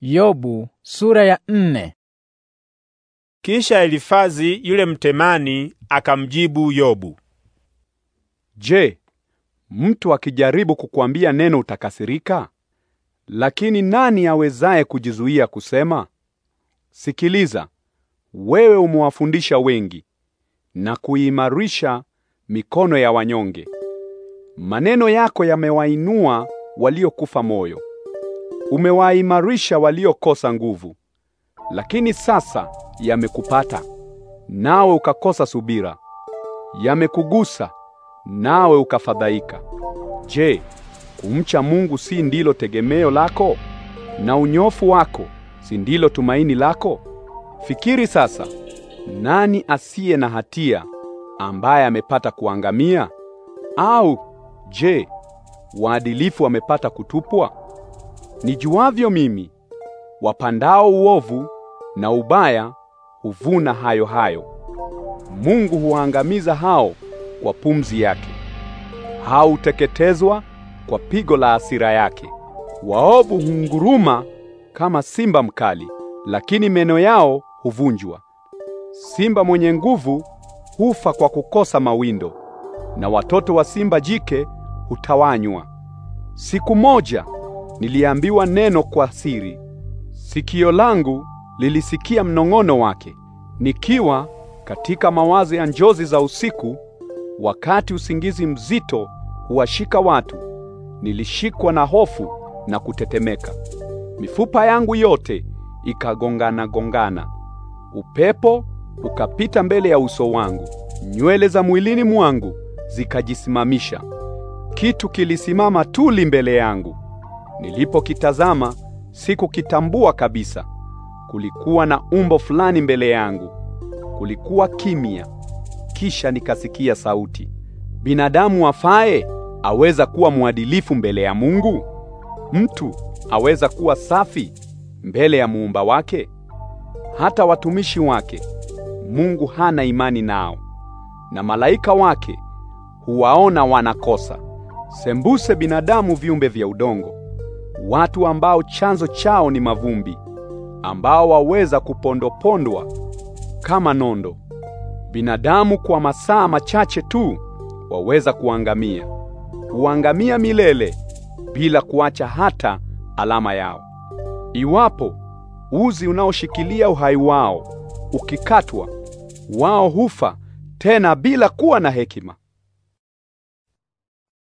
Yobu sura ya nne. Kisha Elifazi yule mtemani akamjibu Yobu, Je, mtu akijaribu kukuambia neno utakasirika? Lakini nani awezaye kujizuia kusema? Sikiliza, wewe umewafundisha wengi na kuimarisha mikono ya wanyonge. Maneno yako yamewainua waliokufa moyo Umewaimarisha waliokosa nguvu, lakini sasa yamekupata, nawe ukakosa subira. Yamekugusa, nawe ukafadhaika. Je, kumcha Mungu si ndilo tegemeo lako na unyofu wako si ndilo tumaini lako? Fikiri sasa, nani asiye na hatia ambaye amepata kuangamia? Au je, waadilifu wamepata kutupwa? Nijuavyo mimi, wapandao uovu na ubaya huvuna hayo hayo. Mungu huangamiza hao kwa pumzi yake, hauteketezwa kwa pigo la hasira yake. Waovu hunguruma kama simba mkali, lakini meno yao huvunjwa. Simba mwenye nguvu hufa kwa kukosa mawindo, na watoto wa simba jike hutawanywa siku moja niliambiwa neno kwa siri, sikio langu lilisikia mnong'ono wake, nikiwa katika mawazo ya njozi za usiku, wakati usingizi mzito huwashika watu. Nilishikwa na hofu na kutetemeka, mifupa yangu yote ikagongana gongana. Upepo ukapita mbele ya uso wangu, nywele za mwilini mwangu zikajisimamisha. Kitu kilisimama tuli mbele yangu. Nilipokitazama sikukitambua kabisa. Kulikuwa na umbo fulani mbele yangu, kulikuwa kimya. Kisha nikasikia sauti, binadamu afae aweza kuwa mwadilifu mbele ya Mungu? Mtu aweza kuwa safi mbele ya muumba wake? Hata watumishi wake Mungu hana imani nao, na malaika wake huwaona wanakosa. Sembuse binadamu viumbe vya udongo watu ambao chanzo chao ni mavumbi, ambao waweza kupondopondwa kama nondo. Binadamu kwa masaa machache tu waweza kuangamia, huangamia milele bila kuacha hata alama yao. Iwapo uzi unaoshikilia uhai wao ukikatwa, wao hufa tena bila kuwa na hekima.